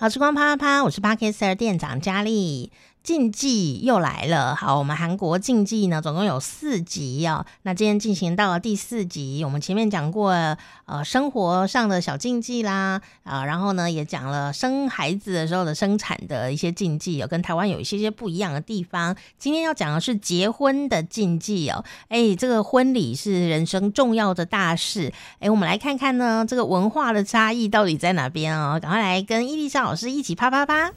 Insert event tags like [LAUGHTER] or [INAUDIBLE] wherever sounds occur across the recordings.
好時光啪啪啪，我是 Parkissor 店長佳麗。禁忌又來了。好，我們韓國禁忌呢，總共有四集哦。那今天進行到了第四集。我們前面講過，呃，生活上的小禁忌啦，啊，然後呢，也講了生孩子的時候的生產的一些禁忌，有跟台灣有一些些不一樣的地方。今天要講的是結婚的禁忌哦。哎，這個婚禮是人生重要的大事。哎，我們來看看呢，這個文化的差異到底在哪邊哦？趕快來跟伊麗莎老師一起啪啪啪！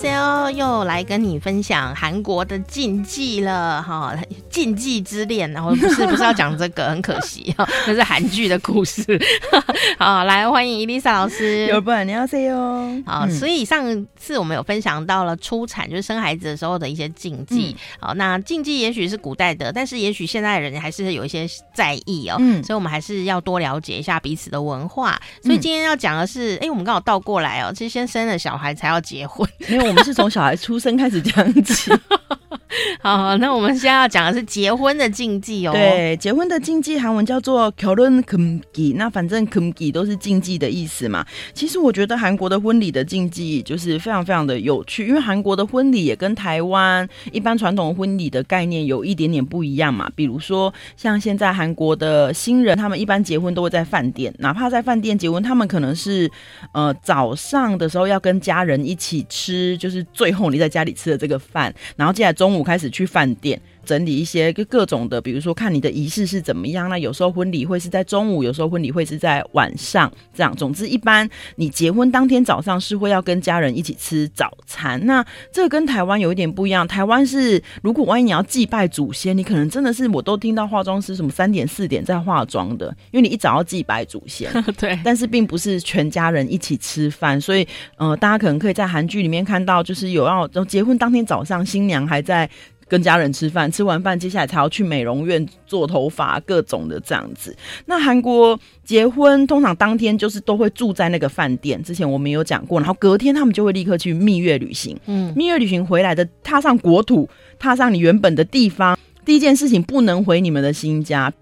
C.O. 又來跟你分享韓國的禁忌了，哈。禁忌之戀，然後不是不是要講這個， [LAUGHS] 很可惜啊，這是韓劇的故事。 [LAUGHS] 好，來歡迎伊麗莎老師。要不然你要 say 哦。好嗯、所以上次我們有分享到了出產，就是生孩子的時候的一些禁忌。嗯、好，那禁忌也許是古代的，但是也許現代人還是有一些在意哦。嗯、所以我們還是要多了解一下彼此的文化。所以今天要講的是，哎、欸，我們剛好倒過來哦，其實先生了小孩才要結婚。因為我們是從小孩出生開始講起。 [LAUGHS] [LAUGHS] 好，那我們現在要講的是結婚的禁忌哦。對，結婚的禁忌韓文叫做결혼금기。那反正금기、um、都是禁忌的意思嘛。其實我覺得韓國的婚禮的禁忌就是非常非常的有趣，因為韓國的婚禮也跟台灣一般傳統婚禮的概念有一點點不一樣嘛。比如說，像現在韓國的新人，他們一般結婚都會在飯店，哪怕在飯店結婚，他們可能是呃早上的時候要跟家人一起吃，就是最後你在家裡吃的這個飯，然後接下來中午。我開始去飯店。整理一些各各種的，比如說看你的儀式是怎麼樣。那有時候婚禮會是在中午，有時候婚禮會是在晚上。這樣，總之一般你結婚當天早上是會要跟家人一起吃早餐。那這個跟台灣有一點不一樣，台灣是如果萬一你要祭拜祖先，你可能真的是我都聽到化妝師什麼三點四點在化妝的，因為你一早要祭拜祖先。 [LAUGHS] 對。但是並不是全家人一起吃飯，所以呃，大家可能可以在韓劇裡面看到，就是有要結婚當天早上新娘還在。跟家人吃飯，吃完飯接下來才要去美容院做頭髮，各種的這樣子。那韓國結婚通常當天就是都會住在那個飯店，之前我們有講過，然後隔天他們就會立刻去蜜月旅行。嗯，蜜月旅行回來的，踏上國土，踏上你原本的地方，第一件事情不能回你們的新家，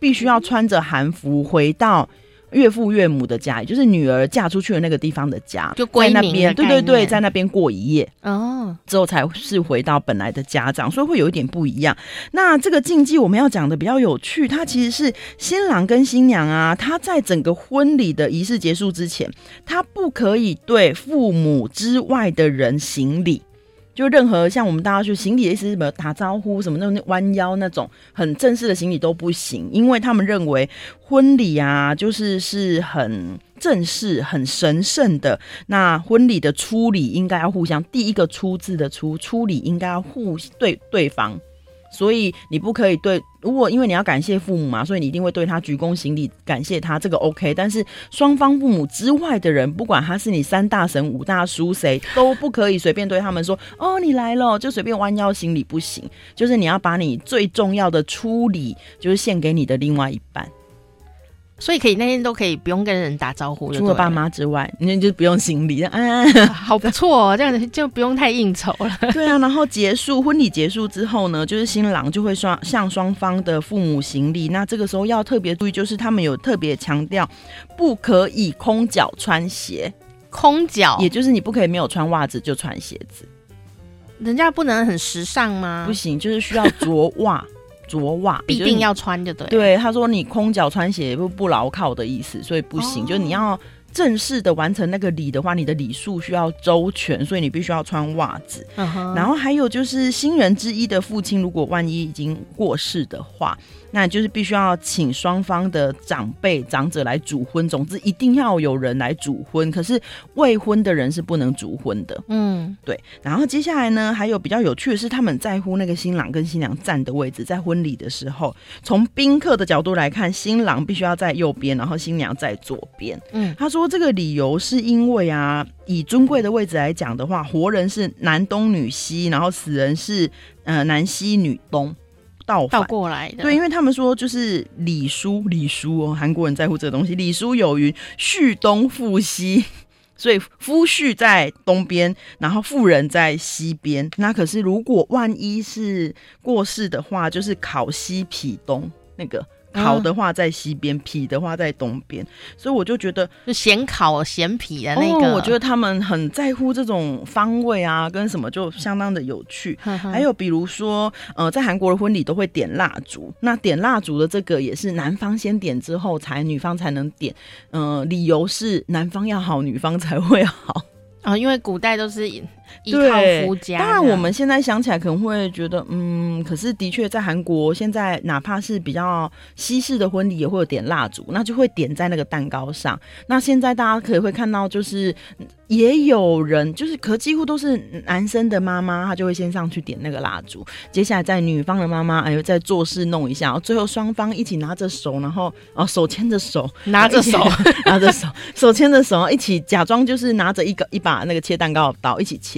必須要穿着韓服回到岳父岳母的家，也就是女兒嫁出去的那個地方的家，就在那邊，對對對，在那邊過一夜哦，之後才是回到本來的家長，所以會有一點不一樣。那這個禁忌我們要講的比較有趣，它其實是新郎跟新娘啊，他在整個婚禮的儀式結束之前，他不可以對父母之外的人行禮。就任何像我們大家去行禮的意思是什麼？打招呼什麼，那種彎腰那種很正式的行禮都不行，因為他們認為婚禮啊，就是是很正式、很神聖的。那婚禮的初禮應該要互相，第一個出的出“初”字的“初”，初禮應該要互對對，對，對方。所以你不可以對，如果因為你要感謝父母嘛，所以你一定會對他鞠躬行禮，感謝他這個 OK。但是雙方父母之外的人，不管他是你三大神五大叔誰，都不可以隨便對他們說，哦你來了，就隨便彎腰行禮不行。就是你要把你最重要的初禮，就是獻給你的另外一半。所以可以那天都可以不用跟人打招呼了，除了爸媽之外，那就不用行禮。嗯，嗯嗯啊、好不錯、哦， [LAUGHS] 這樣子就不用太應酬了。對啊，然後結束婚禮結束之後呢，就是新郎就會雙向雙方的父母行禮。那這個時候要特別注意，就是他們有特別強調，不可以空腳穿鞋，空腳腳，也就是你不可以沒有穿襪子就穿鞋子。人家不能很時尚嗎？不行，就是需要着襪。 [LAUGHS] 著襪必定要穿，就對。對，他說你空腳穿鞋不不牢靠的意思，所以不行。哦。就你要。正式的完成那個禮的話，你的禮數需要周全，所以你必須要穿襪子。Uh huh. 然後還有就是新人之一的父親，如果萬一已經過世的話，那就是必須要請雙方的長輩、長者來主婚。總之一定要有人來主婚，可是未婚的人是不能主婚的。嗯，對。然後接下來呢，還有比較有趣的是，他們在乎那個新郎跟新娘站的位置。在婚禮的時候，從賓客的角度來看，新郎必須要在右邊，然後新娘在左邊。嗯，他說。這個理由是因為啊，以尊貴的位置來講的話，活人是男東女西，然後死人是呃男西女東，倒倒過來的。對，對，因為他們說就是禮書禮書哦，韓國人在乎這個東西。禮書有云：婿東婦西，所以夫婿在東邊，然後婦人在西邊。那可是如果萬一是過世的話，就是考西妣東那個，烤的話在西邊，皮的話在東邊，所以我就覺得就咸烤咸皮的那個、哦。我覺得他們很在乎這種方位啊，跟什麼就相當的有趣。呵呵還有比如說，呃，在韓國的婚禮都會點蠟燭，那點蠟燭的這個也是男方先點之後才女方才能點。嗯、呃，理由是男方要好，女方才會好啊，因為古代都是。對一套夫家，當然我們現在想起來可能會覺得，嗯，可是的確在韓國現在，哪怕是比較西式的婚禮，也會有點蠟燭，那就會點在那個蛋糕上。那現在大家可以會看到，就是也有人，就是可幾乎都是男生的媽媽，她就會先上去點那個蠟燭，接下來在女方的媽媽，哎呦，在做事弄一下，然後最後雙方一起拿着手，然後哦手牽着手，拿着手， [LAUGHS] 拿着手，手牽着手一起假裝就是拿着一個一把那個切蛋糕的刀一起切。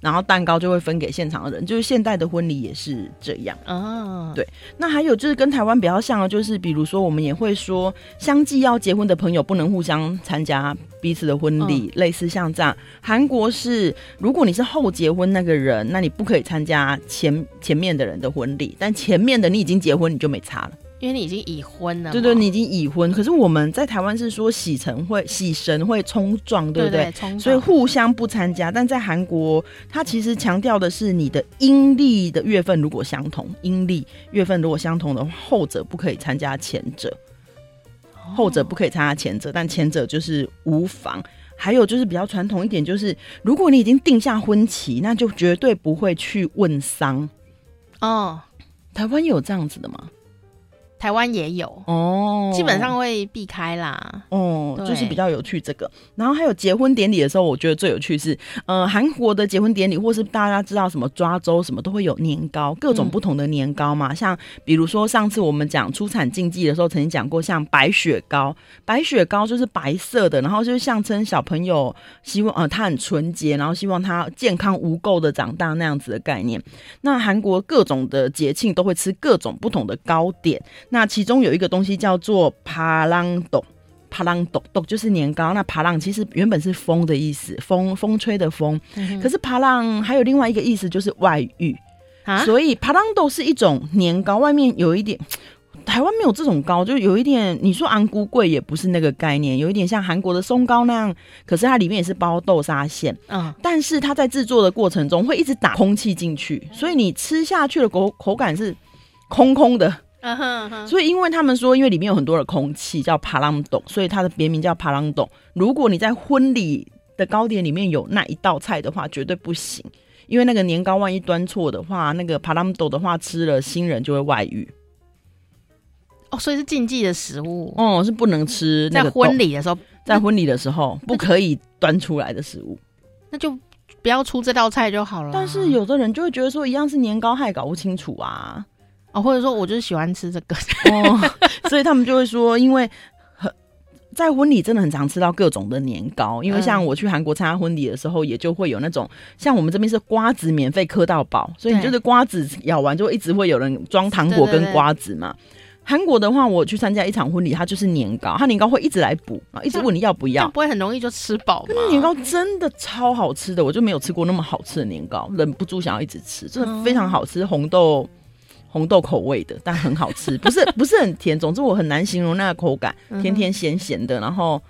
然後蛋糕就會分給現場的人，就是現代的婚禮也是這樣啊。哦、對，那還有就是跟台灣比較像的，就是比如說我們也會說，相繼要結婚的朋友不能互相參加彼此的婚禮，嗯、類似像這樣。韓國是，如果你是後結婚那個人，那你不可以參加前前面的人的婚禮，但前面的你已經結婚，你就沒差了。因為你已經已婚了，對對，你已經已婚。可是我們在台灣是說喜神會喜神會衝撞，對不對？對對，所以互相不參加。但在韓國，它其實強調的是你的陰曆的月份如果相同，陰曆月份如果相同的話，後者不可以參加前者，哦，後者不可以參加前者，但前者就是無妨。還有就是比較傳統一點，就是如果你已經定下婚期，那就絕對不會去問喪。哦，台灣有這樣子的嗎？台灣也有哦，基本上會避開啦。哦，對就是比較有趣這個。然後還有結婚典禮的時候，我覺得最有趣是，呃，韓國的結婚典禮，或是大家知道什麼抓周什麼都會有年糕，各種不同的年糕嘛。嗯、像比如說上次我們講出產禁忌的時候，曾經講過像白雪糕，白雪糕就是白色的，然後就是象徵小朋友希望呃他很純潔，然後希望他健康無垢的長大那樣子的概念。那韓國各種的節慶都會吃各種不同的糕點。那其中有一個東西叫做爬浪豆，爬浪豆豆就是年糕。那爬浪其實原本是風的意思，風風吹的風。嗯、哼可是爬浪還有另外一個意思，就是外遇、啊、所以爬浪豆是一種年糕，外面有一點台灣沒有這種糕，就有一點你說昂咕貴也不是那個概念，有一點像韓國的松糕那樣，可是它裡面也是包豆沙餡。嗯，但是它在製作的過程中會一直打空氣進去，嗯、所以你吃下去的口口感是空空的。Uh huh, uh huh. 所以因為他們說，因為裡面有很多的空氣，叫帕朗豆，所以它的別名叫帕朗豆。如果你在婚禮的糕點裡面有那一道菜的話，絕對不行，因為那個年糕萬一端錯的話，那個帕朗豆的話，吃了新人就會外遇。哦，oh, 所以是禁忌的食物，哦、嗯，是不能吃那個。在婚禮的時候，在婚禮的時候、嗯、不可以端出來的食物，那就不要出這道菜就好了、啊。但是有的人就會覺得說，一樣是年糕，還搞不清楚啊。哦，或者說我就是喜歡吃這個，哦、 [LAUGHS] 所以他們就會說，因為在婚禮真的很常吃到各種的年糕，因為像我去韓國參加婚禮的時候，嗯、也就會有那種像我們這邊是瓜子免費嗑到飽，所以你就是瓜子咬完就一直會有人裝糖果跟瓜子嘛。對對對對，韓國的話，我去參加一場婚禮，它就是年糕，他年糕會一直來補，一直問你要不要，不會很容易就吃飽嗎？年糕真的超好吃的，Okay. 我就沒有吃過那麼好吃的年糕，忍不住想要一直吃，真的、嗯、非常好吃，紅豆。紅豆口味的，但很好吃，不是不是很甜。 [LAUGHS] 總之我很難形容那個口感，甜甜、嗯、哼鹹鹹的，然後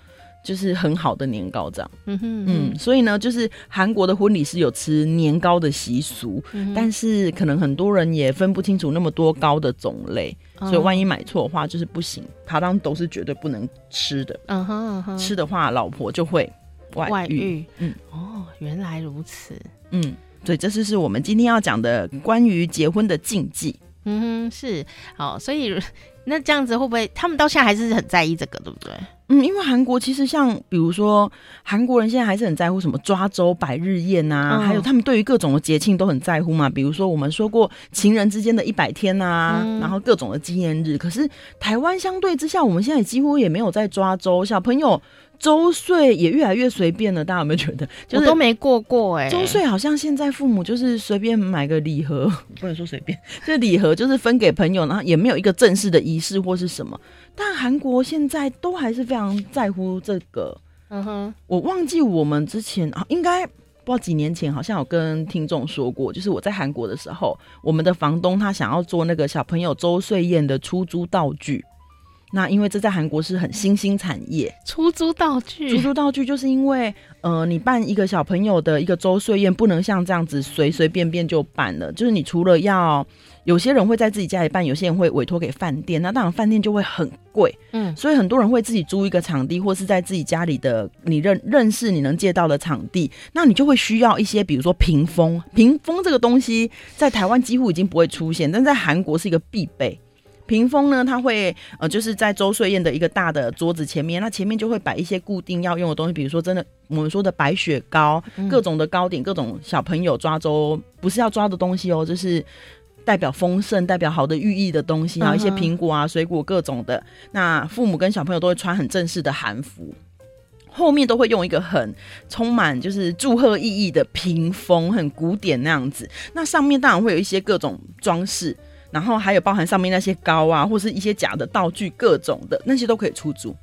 就是很好的年糕這樣。嗯哼，嗯哼，嗯，所以呢，就是韓國的婚禮是有吃年糕的習俗，嗯、哼但是可能很多人也分不清楚那麼多糕的種類，嗯、哼所以萬一買錯的話就是不行。他當都是絕對不能吃的，嗯哼，嗯哼，吃的話老婆就會外遇。外遇嗯，哦，原來如此。嗯，對，這就是我們今天要講的關於結婚的禁忌。嗯哼，是，好，所以那這樣子會不會他們到現在還是很在意這個，對不對？嗯，因為韓國其實像比如說，韓國人現在還是很在乎什麼抓周、百日宴啊，哦、還有他們對於各種的節慶都很在乎嘛。比如說我們說過情人之間的一百天啊，嗯、然後各種的紀念日。可是台灣相對之下，我們現在幾乎也沒有在抓周小朋友。周歲也越來越隨便了，大家有沒有覺得？就是、我都沒過過哎、欸，周歲好像現在父母就是隨便買個禮盒，不能說隨便，這 [LAUGHS] 禮盒就是分給朋友，然後也沒有一個正式的儀式或是什麼。但韓國現在都還是非常在乎這個。嗯哼，我忘記我們之前、啊、應該不知道幾年前，好像有跟聽眾說過，就是我在韓國的時候，我們的房東他想要做那個小朋友周歲宴的出租道具。那因為這在韓國是很新興產業，出租道具。出租道具就是因為，呃，你辦一個小朋友的一個週歲宴，不能像這樣子隨隨便便就辦了。就是你除了要，有些人會在自己家裡辦，有些人會委托給飯店，那當然飯店就會很貴。嗯，所以很多人會自己租一個場地，或是在自己家裡的你認認識你能借到的場地，那你就會需要一些，比如說屏風。屏風這個東西在台灣幾乎已經不會出現，但在韓國是一個必備。屏風呢，它會呃，就是在周歲宴的一個大的桌子前面，那前面就會擺一些固定要用的東西，比如說真的我們說的白雪糕，嗯、各種的糕點，各種小朋友抓周不是要抓的東西哦，就是代表豐盛、代表好的寓意的東西，然後一些蘋果啊、水果各種的。嗯哼，那父母跟小朋友都會穿很正式的韓服，後面都會用一個很充滿就是祝賀意義的屏風，很古典那樣子。那上面當然會有一些各種裝飾。然後還有包含上面那些糕啊，或是一些假的道具，各種的那些都可以出租。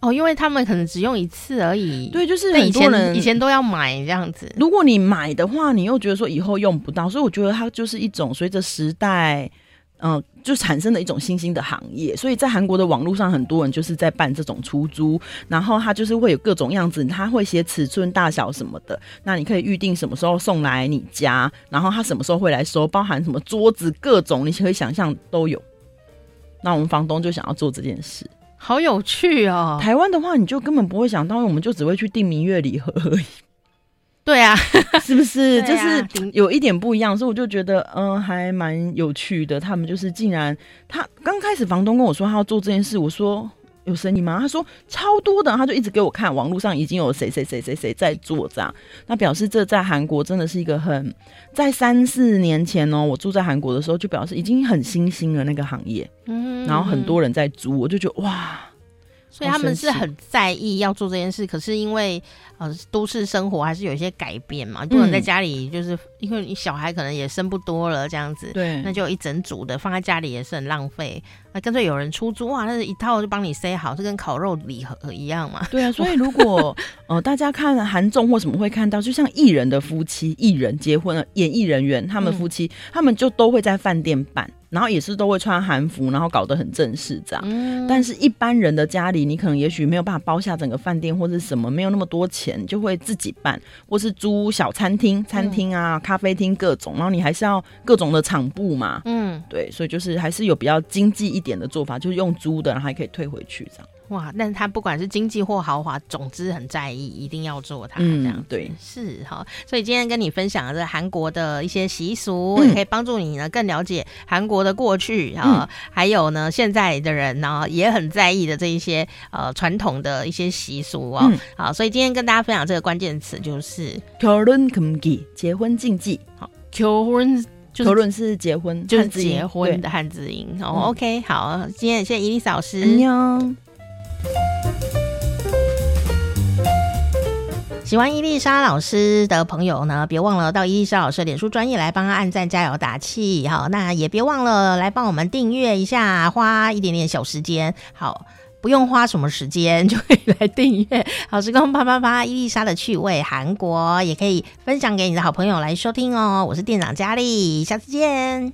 哦，因為他們可能只用一次而已。對，就是很多人以前，以前都要買這樣子。如果你買的話，你又覺得說以後用不到，所以我覺得它就是一種隨着時代，嗯、呃。就產生了一種新興的行業，所以在韓國的網絡上，很多人就是在辦這種出租，然後他就是會有各種樣子，他會寫尺寸大小什麼的，那你可以預定什麼時候送來你家，然後他什麼時候會來收，包含什麼桌子各種，你可以想象都有。那我們房東就想要做這件事，好有趣啊、哦！台灣的話，你就根本不會想到，我們就只會去訂彌月禮盒而已。對啊， [LAUGHS] 是不是就是、啊、有一點不一樣？所以我就覺得，嗯、呃，還蠻有趣的。他們就是竟然，他剛開始房東跟我說他要做這件事，我說有生意嗎？他說超多的，他就一直給我看網絡上已經有誰誰誰誰誰在做這樣，那表示這在韓國真的是一個很在三四年前哦，我住在韓國的時候就表示已經很新興了那個行業，嗯，然後很多人在租，我就覺得哇。所以他們是很在意要做這件事，哦、可是因為呃，都市生活還是有一些改變嘛，不能、嗯、在家裡，就是因為小孩可能也生不多了這樣子，對，那就一整組的放在家裡也是很浪費，那、啊、乾脆有人出租哇，那是一套就幫你塞好，就跟烤肉禮盒一樣嘛。對啊，所以如果哇、呃、大家看韓綜或什麼會看到，就像藝人的夫妻、藝人結婚、了、呃，演藝人員他們夫妻，嗯、他們就都會在飯店辦。然後也是都會穿韓服，然後搞得很正式這樣。嗯，但是一般人的家裡，你可能也許沒有辦法包下整個飯店或是什麼，沒有那麼多錢，就會自己辦，或是租小餐廳、餐廳啊、嗯，咖啡廳各種。然後你還是要各種的場布嘛。嗯，對，所以就是還是有比較經濟一點的做法，就是用租的，然後還可以退回去這樣。哇！但是他不管是經濟或豪華，總之很在意，一定要做他這樣對是哈。所以今天跟你分享的是韓國的一些習俗，也可以幫助你呢更了解韓國的過去啊，還有呢現在的人呢也很在意的這一些呃傳統的一些習俗啊。好，所以今天跟大家分享這個關鍵詞就是결혼금기結婚禁忌。好，결혼就是結婚，就是結婚的漢字音。哦，OK，好，今天謝謝伊麗老師。喜歡伊麗莎老師的朋友呢，別忘了到伊麗莎老師臉書專頁來幫她按讚加油打氣，好，那也別忘了來幫我們訂閱一下，花一點點小時間，好，不用花什麼時間就可以來訂閱。好時光啪啪啪,啪。伊麗莎的趣味韓國也可以分享給你的好朋友來收聽哦。我是店長嘉麗，下次見。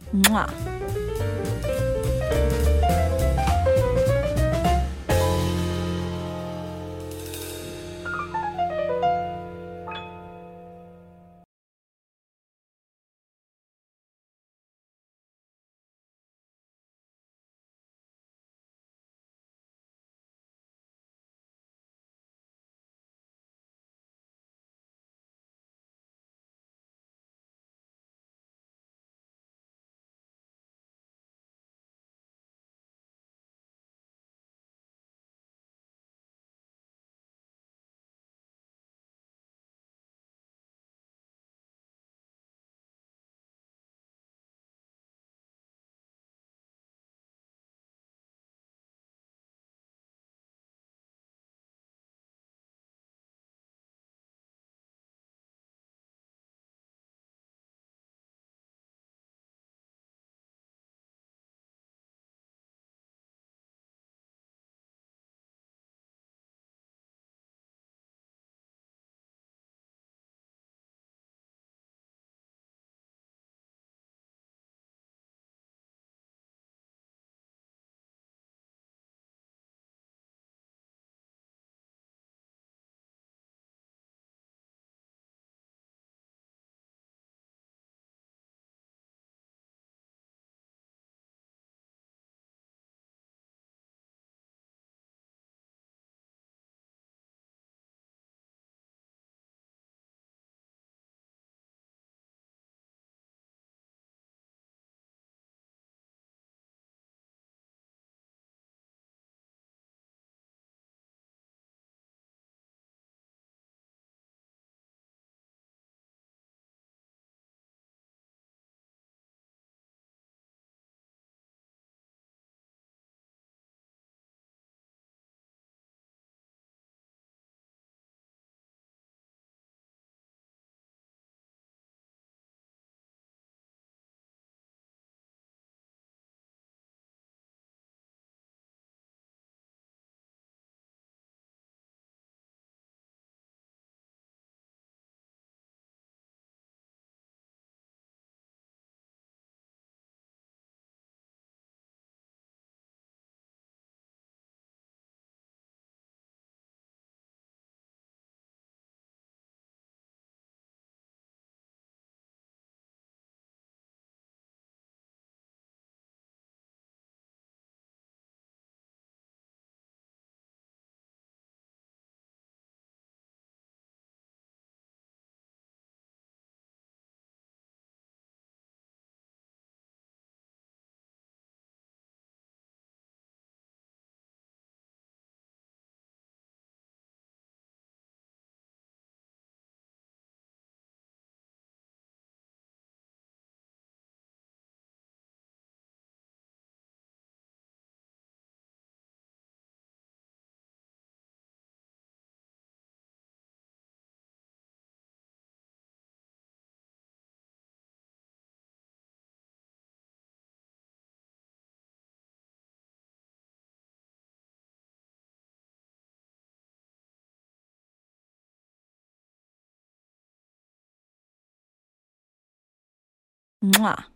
嗯啊。